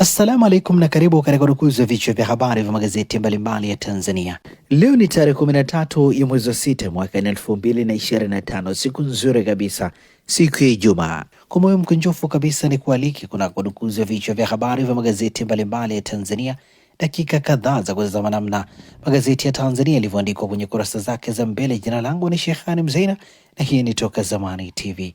Assalamu alaikum na karibu katika udukuzi wa vichwa vya habari vya magazeti mbalimbali ya Tanzania. Leo ni tarehe 13 ya mwezi wa sita mwaka 2025, siku nzuri kabisa, siku ya Ijumaa. Kwa moyo mkunjofu kabisa ni kualiki kuna udukuzi wa vichwa vya habari vya magazeti mbalimbali ya Tanzania, dakika kadhaa za kutazama namna magazeti ya Tanzania yalivyoandikwa kwenye kurasa zake za mbele. Jina langu ni shehani Mzeina na hii ni Toka Zamani TV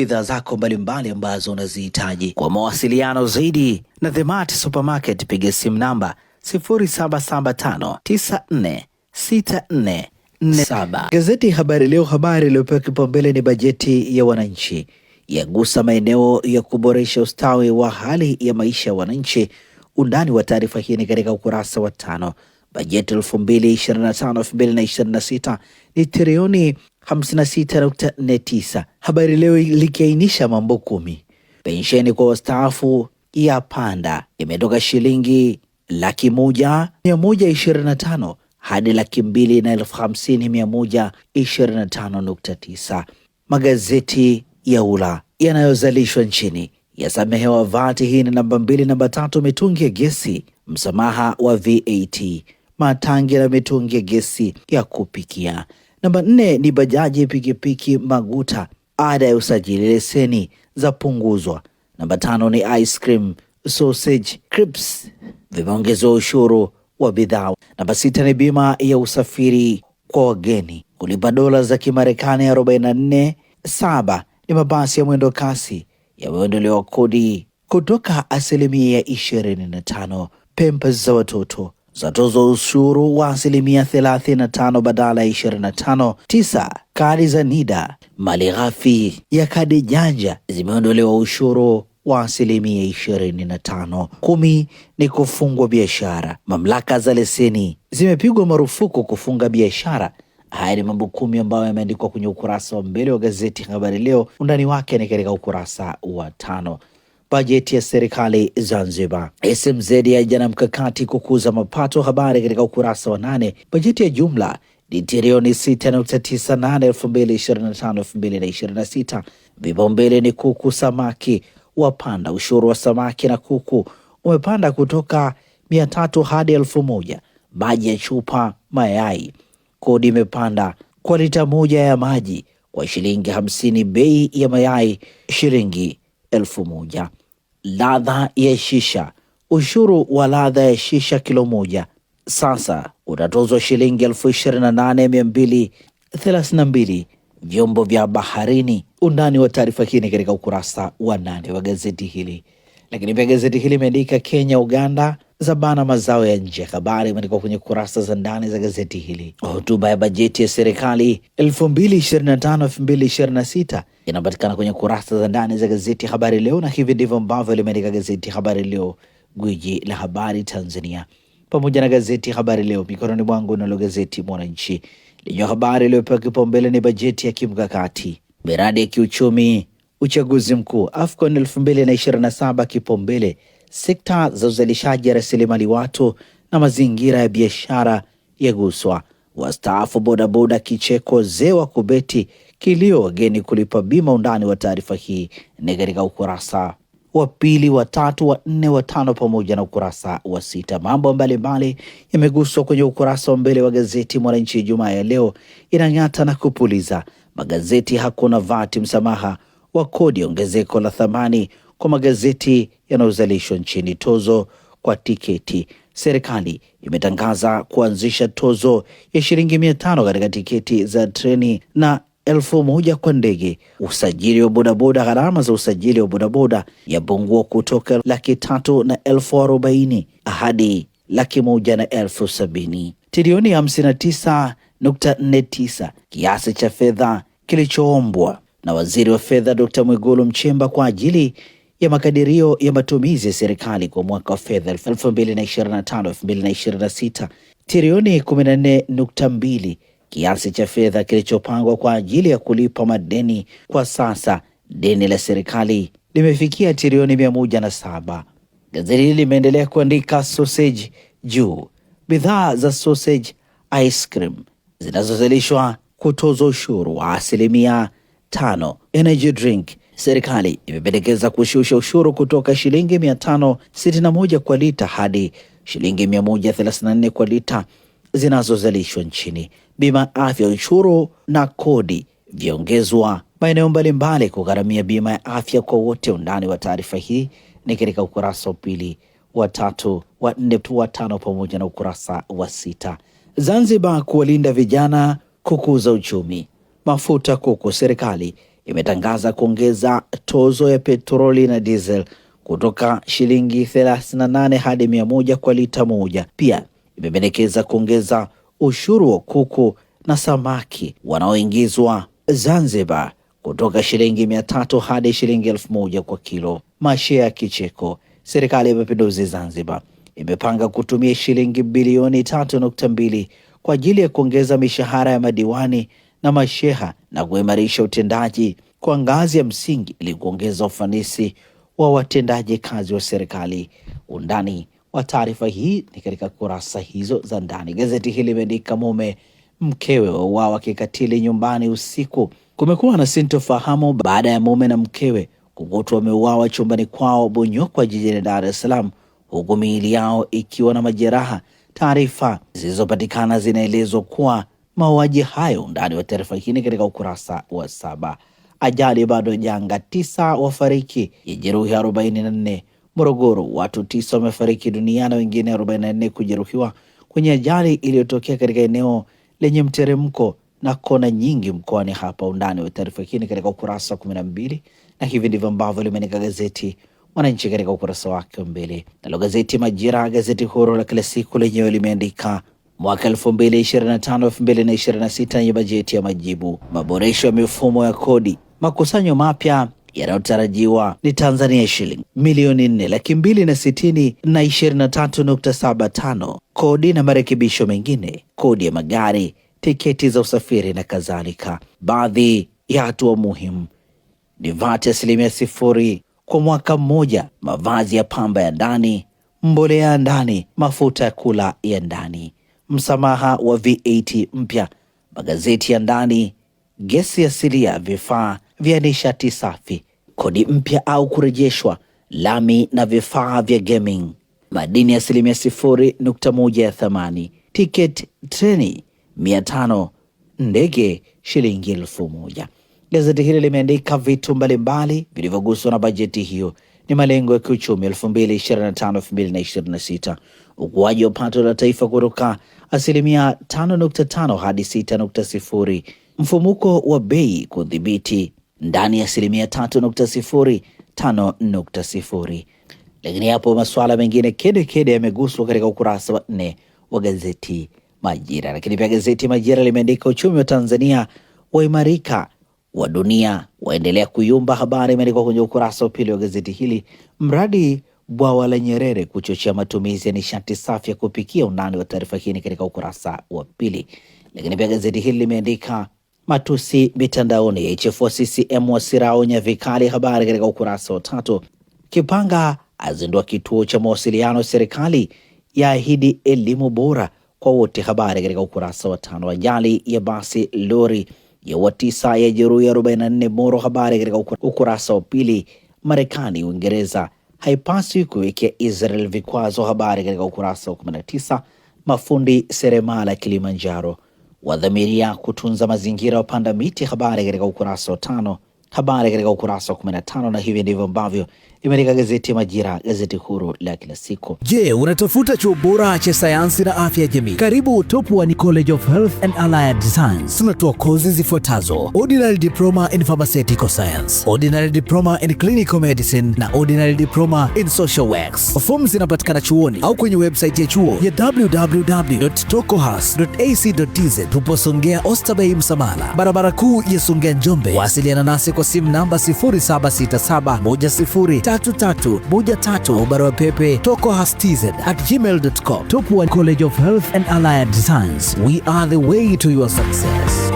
bidhaa zako mbalimbali ambazo unazihitaji. Kwa mawasiliano zaidi na The Mart Supermarket, piga simu namba 0775946447. Gazeti Habari Leo, habari iliyopewa kipaumbele ni bajeti ya wananchi yagusa maeneo ya kuboresha ustawi wa hali ya maisha ya wananchi. Undani wa taarifa hii ni katika ukurasa wa tano. Bajeti 2025/2026 ni trilioni 56.49. Habari Leo likiainisha mambo kumi. Pensheni kwa wastaafu ya panda, imetoka shilingi laki moja mia moja ishirini na tano hadi laki mbili na elfu hamsini mia moja ishirini na tano nukta tisa. Magazeti ya ula yanayozalishwa nchini yasamehewa vati. Hii ni namba mbili. Namba tatu, mitungi ya gesi, msamaha wa VAT matangi na mitungi ya gesi ya kupikia Namba nne ni bajaji, pikipiki, maguta, ada ya usajili, leseni za punguzwa. Namba tano ni ice cream, sausage, crisps vimeongezwa ushuru wa bidhaa. Namba sita ni bima ya usafiri kwa wageni kulipa dola za Kimarekani 44 nne. Saba ni mabasi ya mwendo kasi yameondolewa kodi kutoka asilimia ya ishirini na tano. Pempas za watoto tozo ushuru wa asilimia 35 badala ya 25. Tisa, kadi za NIDA mali ghafi ya kadi janja zimeondolewa ushuru wa asilimia 25. Kumi ni kufungwa biashara. Mamlaka za leseni zimepigwa marufuku kufunga biashara. Haya ni mambo kumi ambayo yameandikwa kwenye ukurasa wa mbele wa gazeti Habari Leo. Undani wake ni katika ukurasa wa tano bajeti ya serikali Zanzibar. SMZ yaja na mkakati kukuza mapato, habari katika ukurasa wa nane. Bajeti ya jumla ni trilioni 6.98 2025/2026. Vipaumbele ni kuku, samaki wapanda. Ushuru wa samaki na kuku umepanda kutoka 300 hadi 1000. Maji ya chupa mayai, kodi imepanda kwa lita moja ya maji kwa shilingi hamsini, bei ya mayai shilingi elfu moja ladha ya shisha. Ushuru wa ladha ya shisha kilo moja sasa utatozwa shilingi elfu ishirini na nane mia mbili thelathini na mbili. Vyombo vya baharini. Undani wa taarifa hii ni katika ukurasa wa nane wa gazeti hili, lakini pia gazeti hili imeandika Kenya Uganda zabana mazao ya nje. Habari imeandikwa kwenye kurasa za ndani za gazeti hili. Hotuba ya bajeti ya serikali 2025 2026 inapatikana kwenye kurasa za ndani za gazeti Habari Leo, na hivi ndivyo ambavyo limeandika gazeti Habari Leo, gwiji la habari Tanzania, pamoja na gazeti Habari Leo mikononi mwangu. Nalo gazeti Mwananchi lenye habari iliyopewa kipaumbele ni bajeti ya kimkakati, miradi ya kiuchumi, uchaguzi mkuu, AFCON 2027 kipaumbele sekta za uzalishaji ya rasilimali watu na mazingira ya biashara yaguswa. Wastaafu bodaboda kicheko, wa kubeti kilio, wageni kulipa bima. Undani wa taarifa hii ni katika ukurasa wa pili, wa tatu, wa nne, wa tano pamoja na ukurasa wa sita. Mambo mbalimbali yameguswa kwenye ukurasa wa mbele wa gazeti Mwananchi Ijumaa ya leo. Inang'ata na kupuliza magazeti, hakuna vati, msamaha wa kodi, ongezeko la thamani kwa magazeti yanayozalishwa nchini. Tozo kwa tiketi, serikali imetangaza kuanzisha tozo ya shilingi mia tano katika tiketi za treni na elfu moja kwa ndege. Usajili wa bodaboda, gharama za usajili wa bodaboda yapungua kutoka laki tatu na elfu arobaini hadi laki moja na elfu sabini. Trilioni hamsini na tisa nukta nne tisa kiasi cha fedha kilichoombwa na waziri wa fedha Dr. Mwigulu Mchemba kwa ajili ya makadirio ya matumizi ya serikali kwa mwaka wa fedha 2025/2026 trilioni 14.2, kiasi cha fedha kilichopangwa kwa ajili ya kulipa madeni. Kwa sasa deni la serikali limefikia trilioni 107. Gazeti hili limeendelea kuandika sausage juu, bidhaa za sausage ice cream zinazozalishwa kutozwa ushuru wa asilimia tano, energy drink serikali imependekeza kushusha ushuru kutoka shilingi 561 kwa lita hadi shilingi 134 kwa lita zinazozalishwa nchini. Bima ya afya, ushuru na kodi vyaongezwa maeneo mbalimbali kugharamia bima ya afya kwa wote. Undani wa taarifa hii ni katika ukurasa wa pili, wa tatu, wa nne, wa tano pamoja na ukurasa wa sita. Zanzibar kuwalinda vijana kukuza uchumi. Mafuta kuku serikali imetangaza kuongeza tozo ya petroli na diesel kutoka shilingi 38 hadi 100 kwa lita moja. Pia imependekeza kuongeza ushuru wa kuku na samaki wanaoingizwa Zanzibar kutoka shilingi 300 hadi shilingi 1000 kwa kilo. Mashia ya kicheko. Serikali ya Mapinduzi Zanzibar imepanga kutumia shilingi bilioni 3.2 kwa ajili ya kuongeza mishahara ya madiwani na masheha na kuimarisha utendaji kwa ngazi ya msingi ili kuongeza ufanisi wa watendaji kazi wa serikali. Undani wa taarifa hii ni katika kurasa hizo za ndani. Gazeti hili limeandika mume mkewe wauawa kikatili nyumbani usiku. Kumekuwa na sintofahamu baada ya mume na mkewe kukutwa wameuawa chumbani kwao Bonyokwa, jijini Dar es Salaam, huku miili yao ikiwa na majeraha. Taarifa zilizopatikana zinaelezwa kuwa mauaji hayo. ndani wa taarifa hii katika ukurasa wa saba. Ajali bado janga, tisa wafariki, jeruhi 44 Morogoro. Watu tisa wamefariki dunia na wengine 44 kujeruhiwa kwenye ajali iliyotokea katika eneo lenye mteremko na kona nyingi mkoani hapa. Undani wa taarifa hii katika ukurasa wa kumi na mbili, na hivi ndivyo ambavyo limeandika gazeti Mwananchi katika ukurasa wake wa mbele. Nalo gazeti Majira, gazeti huru la kila siku, lenyewe limeandika mwaka 2025 2026 yenye bajeti ya majibu, maboresho ya mifumo ya kodi, makusanyo mapya yanayotarajiwa ni Tanzania shilingi milioni nne laki mbili na sitini na ishirini na tatu nukta saba tano kodi na marekebisho mengine, kodi ya magari, tiketi za usafiri na kadhalika. Baadhi ya hatua muhimu ni vati asilimia sifuri kwa mwaka mmoja, mavazi ya pamba ya ndani, mbolea ya ndani, mafuta ya kula ya ndani msamaha wa VAT mpya, magazeti ya ndani, gesi asilia, vifaa vya nishati safi, kodi mpya au kurejeshwa, lami na vifaa vya gaming, madini asilimia sifuri nukta moja ya thamani, tiketi treni mia tano, ndege shilingi elfu moja. Gazeti hili limeandika vitu mbalimbali vilivyoguswa na bajeti hiyo ni malengo ya kiuchumi 2025 2026, ukuaji wa pato la taifa kutoka asilimia 5.5 hadi 6.0. Mfumuko wa bei kudhibiti ndani ya asilimia 3.0 5.0. Lakini hapo masuala mengine kedekede yameguswa katika ukurasa wa nne wa gazeti Majira. Lakini pia gazeti Majira limeandika uchumi wa Tanzania waimarika, wa dunia waendelea kuyumba. Habari imeandikwa kwenye ukurasa wa pili wa gazeti hili. Mradi bwawa la Nyerere kuchochea matumizi ya nishati safi ya kupikia. Undani wa taarifa hii ni katika ukurasa wa pili. Lakini pia gazeti hili limeandika matusi mitandaoni yaichefua CCM, Wasira aonya vikali, habari katika ukurasa wa tatu. Kipanga azindua kituo cha mawasiliano, serikali yaahidi elimu bora kwa wote, habari katika ukurasa wa tano. Ajali ya basi lori ya watisa ya jeruhi 44 Moro, habari katika ukurasa wa pili. Marekani, Uingereza haipaswi kuwekea Israel vikwazo. Habari katika ukurasa wa 19. Mafundi seremala Kilimanjaro wadhamiria kutunza mazingira wapanda miti. Habari katika ukurasa wa tano habari katika ukurasa wa 15, na hivi ndivyo ambavyo limeandika gazeti ya Majira, gazeti huru la kila siku. Je, unatafuta chuo bora cha sayansi na afya ya jamii? Karibu Top One College of Health and Allied Science. Tunatoa kozi zifuatazo: ordinary diploma in pharmaceutical science, ordinary diploma in clinical medicine na ordinary diploma in social works. Fomu zinapatikana chuoni au kwenye website ya chuo ya www.tokohas.ac.tz. Tuposongea Songea Oysterbay Msamala, barabara kuu ya Songea Njombe. Wasiliana nasi kwa simu namba 0767103313 au barua pepe tokohastz@gmail.com. Top One College of Health and Allied Science. We are the way to your success.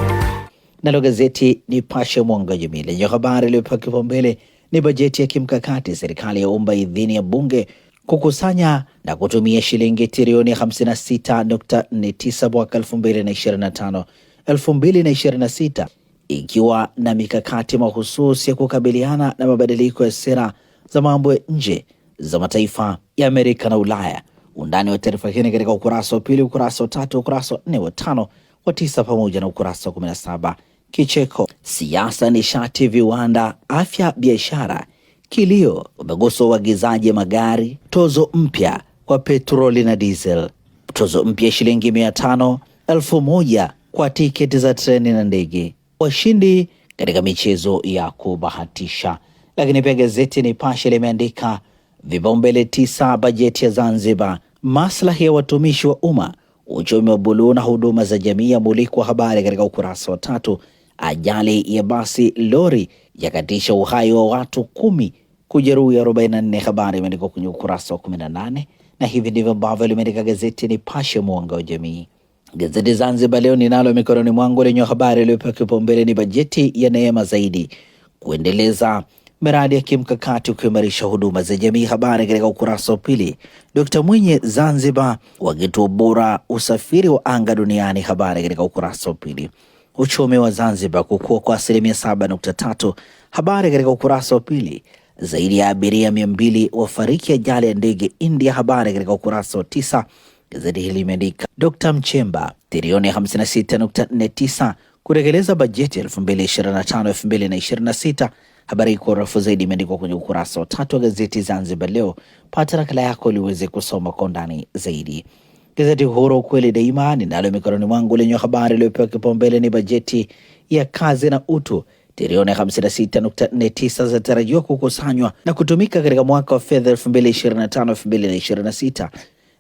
Nalo gazeti Nipashe mwanga wa jamii lenye habari iliyopewa kipaumbele ni bajeti ya kimkakati, serikali yaomba idhini ya bunge kukusanya na kutumia shilingi trilioni 56.49 mwaka 2025 2026 ikiwa na mikakati mahususi ya kukabiliana na mabadiliko ya sera za mambo ya nje za mataifa ya Amerika na Ulaya. Undani wa taarifa hii katika ukurasa wa pili, ukurasa wa tatu, ukurasa wa nne, wa tano, wa tisa pamoja na ukurasa wa kumi na saba. Kicheko, siasa, nishati, viwanda, afya, biashara. Kilio, umeguswa uagizaji magari. Tozo mpya kwa petroli na diesel, tozo mpya shilingi mia tano elfu moja kwa tiketi za treni na ndege washindi katika michezo ya kubahatisha. Lakini pia gazeti Nipashe limeandika vipaumbele tisa bajeti ya Zanzibar, maslahi ya watumishi wa umma, uchumi wa buluu na huduma za jamii yamulikwa, habari katika ukurasa wa tatu. Ajali ya basi lori yakatisha uhai wa watu kumi kujeruhi 44, habari imeandikwa kwenye ukurasa wa 18, na hivi ndivyo ambavyo limeandika gazeti Nipashe mwanga wa jamii. Gazeti Zanzibar Leo ninalo mikononi mwangu lenye habari iliyopewa kipaumbele ni bajeti ya neema zaidi kuendeleza miradi ya kimkakati kuimarisha huduma za jamii. Habari katika ukurasa wa pili. Dkt Mwinyi Zanzibar wakitua bora usafiri wa anga duniani. Habari katika ukurasa wa pili. Uchumi wa Zanzibar kukua kwa asilimia saba nukta tatu. Habari katika ukurasa wa pili. Zaidi ya abiria mia mbili wafariki ajali ya ndege India. Habari katika ukurasa wa tisa. Gazeti hili limeandika Dr. Mchemba trilioni 56.49 kutekeleza bajeti 2025 2026. Habari hii kwa urefu zaidi imeandikwa kwenye ukurasa wa tatu wa gazeti Zanzibar Leo. Pata nakala yako liweze kusoma kwa undani zaidi. Gazeti Uhuru ukweli daima ninalo mikononi mwangu lenye habari iliyopewa kipaumbele ni bajeti ya kazi na utu trilioni 56.49 zinatarajiwa kukusanywa na kutumika katika mwaka wa fedha 2025 2026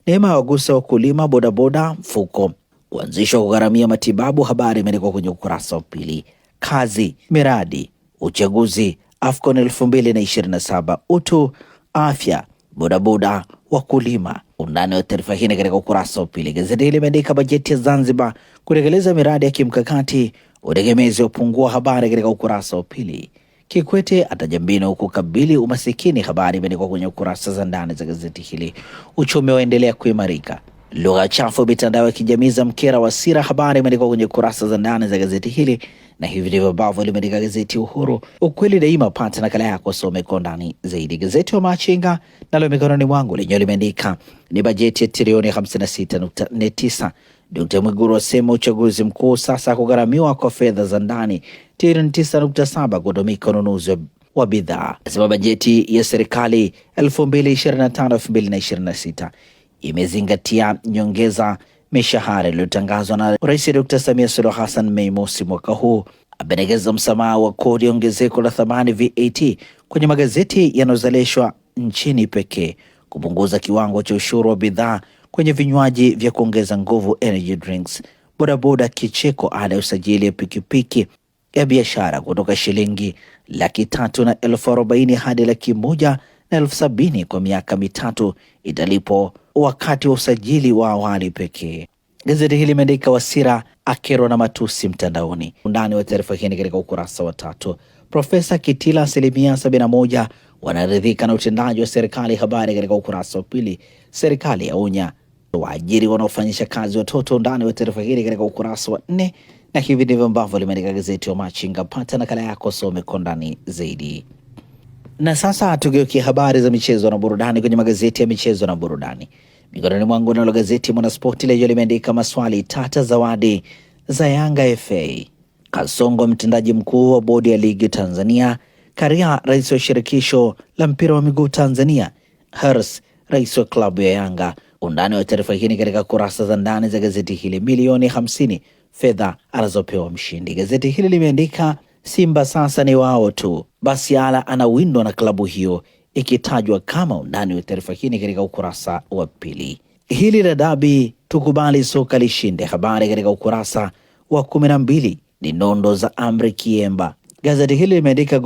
Neema ya wagusa wakulima bodaboda mfuko kuanzishwa kugharamia matibabu. Habari imeandikwa kwenye ukurasa wa pili. Kazi, miradi, uchaguzi, AFCON 2027, utu, afya, bodaboda, wakulima. Undani wa taarifa hii katika ukurasa wa pili. Gazeti hili limeandika bajeti ya Zanzibar kutekeleza miradi ya kimkakati, utegemezi wa pungua Habari katika ukurasa wa pili. Kikwete ataja mbinu kukabili umasikini. Habari imeandikwa kwenye kurasa za ndani za gazeti hili. Uchumi waendelea kuimarika lugha chafu mitandao ya kijamii za mkera Wasira. Habari imeandikwa kwenye kurasa za ndani za gazeti hili, na hivi ndivyo ambavyo limeandika gazeti Uhuru, ukweli daima. Pata nakala yako, some kwa ndani zaidi. Gazeti wa Machinga nalo mikononi mwangu lenyewe limeandika ni bajeti ya trilioni 56.49 Dkt. Mwiguru asema uchaguzi mkuu sasa kugharamiwa kwa fedha za ndani trilioni 9.7 kutumika ununuzi wa bidhaa. Asema bajeti ya serikali 2025/2026 imezingatia nyongeza mishahara iliyotangazwa na Rais Dkt. Samia Suluhu Hassan Mei Mosi mwaka huu. Apendekeza msamaha wa kodi ya ongezeko la thamani VAT kwenye magazeti yanayozalishwa nchini pekee, kupunguza kiwango cha ushuru wa bidhaa kwenye vinywaji vya kuongeza nguvu energy drinks. Bodaboda kicheko ada ya usajili ya pikipiki ya biashara kutoka shilingi laki tatu na elfu arobaini hadi laki moja na elfu sabini kwa miaka mitatu italipo wakati wa usajili wa awali pekee. Gazeti hili limeandika Wasira akerwa na matusi mtandaoni. Undani wa taarifa hii ni katika ukurasa wa tatu. Profesa Kitila asilimia sabini na moja wanaridhika na utendaji wa serikali, habari katika ukurasa wa pili. Serikali yaonya waajiri wanaofanyisha kazi watoto ndani wa taarifa hili katika ukurasa wa nne, na hivi ndivyo ambavyo limeandika gazeti wa Machinga. Pata nakala yako, some kwa ndani zaidi. Na sasa tugeukie habari za michezo na burudani kwenye magazeti ya michezo na burudani. Mikononi mwangu nalo gazeti Mwanaspoti leo limeandika maswali tata, zawadi za Yanga FA, Kasongo mtendaji mkuu wa bodi ya ligi Tanzania, Karia rais wa shirikisho la mpira wa miguu Tanzania, Hers rais wa klabu ya Yanga Undani wa taarifa hii ni katika kurasa za ndani za gazeti hili. Milioni hamsini fedha anazopewa mshindi. Gazeti hili limeandika Simba sasa ni wao tu, Basiala anawindwa na klabu hiyo ikitajwa kama. Undani wa taarifa hii ni katika ukurasa wa pili. Hili la dabi tukubali soka lishinde, habari katika ukurasa wa kumi na mbili ni nondo za amri Kiemba. Gazeti hili limeandika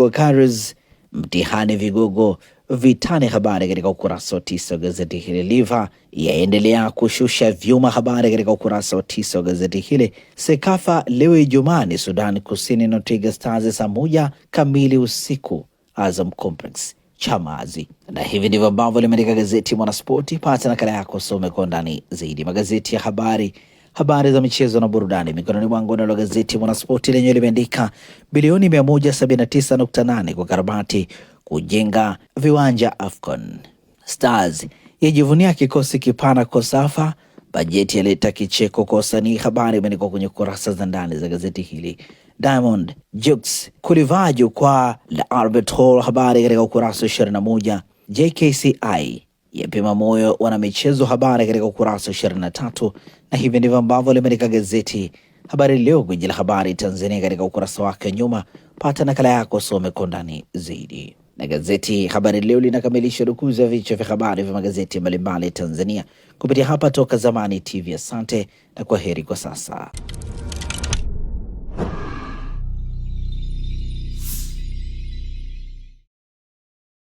mtihani vigogo vitani. Habari katika ukurasa wa tisa wa gazeti hili. Liva yaendelea kushusha vyuma, habari katika ukurasa wa tisa wa gazeti hili. Sekafa leo Ijumaa ni Sudan Kusini na Twiga Stars saa moja kamili usiku Azam Complex Chamazi. Na hivi ndivyo ambavyo limeandika gazeti Mwanaspoti. Pata nakala yako, some kwa ndani zaidi magazeti ya habari habari za michezo na burudani mikononi mwangu. Nalo gazeti Mwanaspoti lenyewe limeandika bilioni 179.8 kwa karabati kujenga viwanja AFCON. Stars yajivunia kikosi kipana Safa, Bajeti yaleta kicheko kwa wasanii. Habari imeandikwa kwenye kurasa za ndani za gazeti hili. Diamond Jux kulivaa jukwaa la Albert Hall, habari katika ukurasa wa moja. JKCI yapima moyo michezo, habari katika ukurasa wa tatu. Na hivi ndivyo ambavyo limeandika gazeti Habari Leo, gwiji la habari Tanzania, katika ukurasa wake nyuma. Pata nakala yako, some kwa undani zaidi na gazeti Habari Leo linakamilisha dukuzi ya vichwa vya habari vya magazeti mbalimbali Tanzania kupitia hapa Toka Zamani TV. Asante na kwa heri kwa sasa.